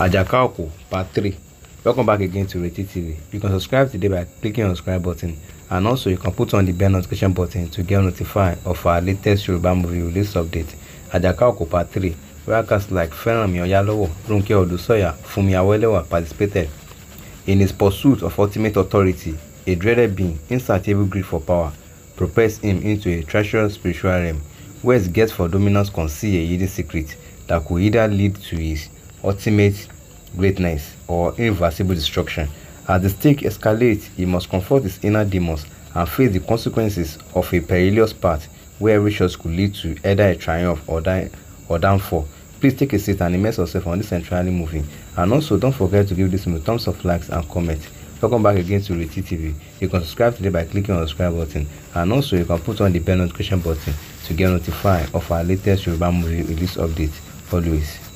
Ajaka Part 3. Welcome back again to Reti TV. You can subscribe today by clicking on the subscribe button and also you can put on the bell notification button to get notified of our latest Yoruba movie release update. Ajaka Part 3 where actors like Feranmi Oyalowo, Runke Odusoya, Fumi Awelewa participated in his pursuit of ultimate authority, a dreaded being, insatiable greed for power, propels him into a treacherous spiritual realm where his gets for dominance conceals a hidden secret that could either lead to his ultimate greatness or irreversible destruction. As the stake escalates, he must confront his inner demons and face the consequences of a perilous path where rituals could lead to either a triumph or, die, or downfall. Please take a seat and immerse yourself on this entirely movie. And also, don't forget to give this movie thumbs up, likes, and comment. Welcome back again to Reti TV. You can subscribe today by clicking on the subscribe button. And also, you can put on the bell notification button to get notified of our latest Yoruba movie release update. Always.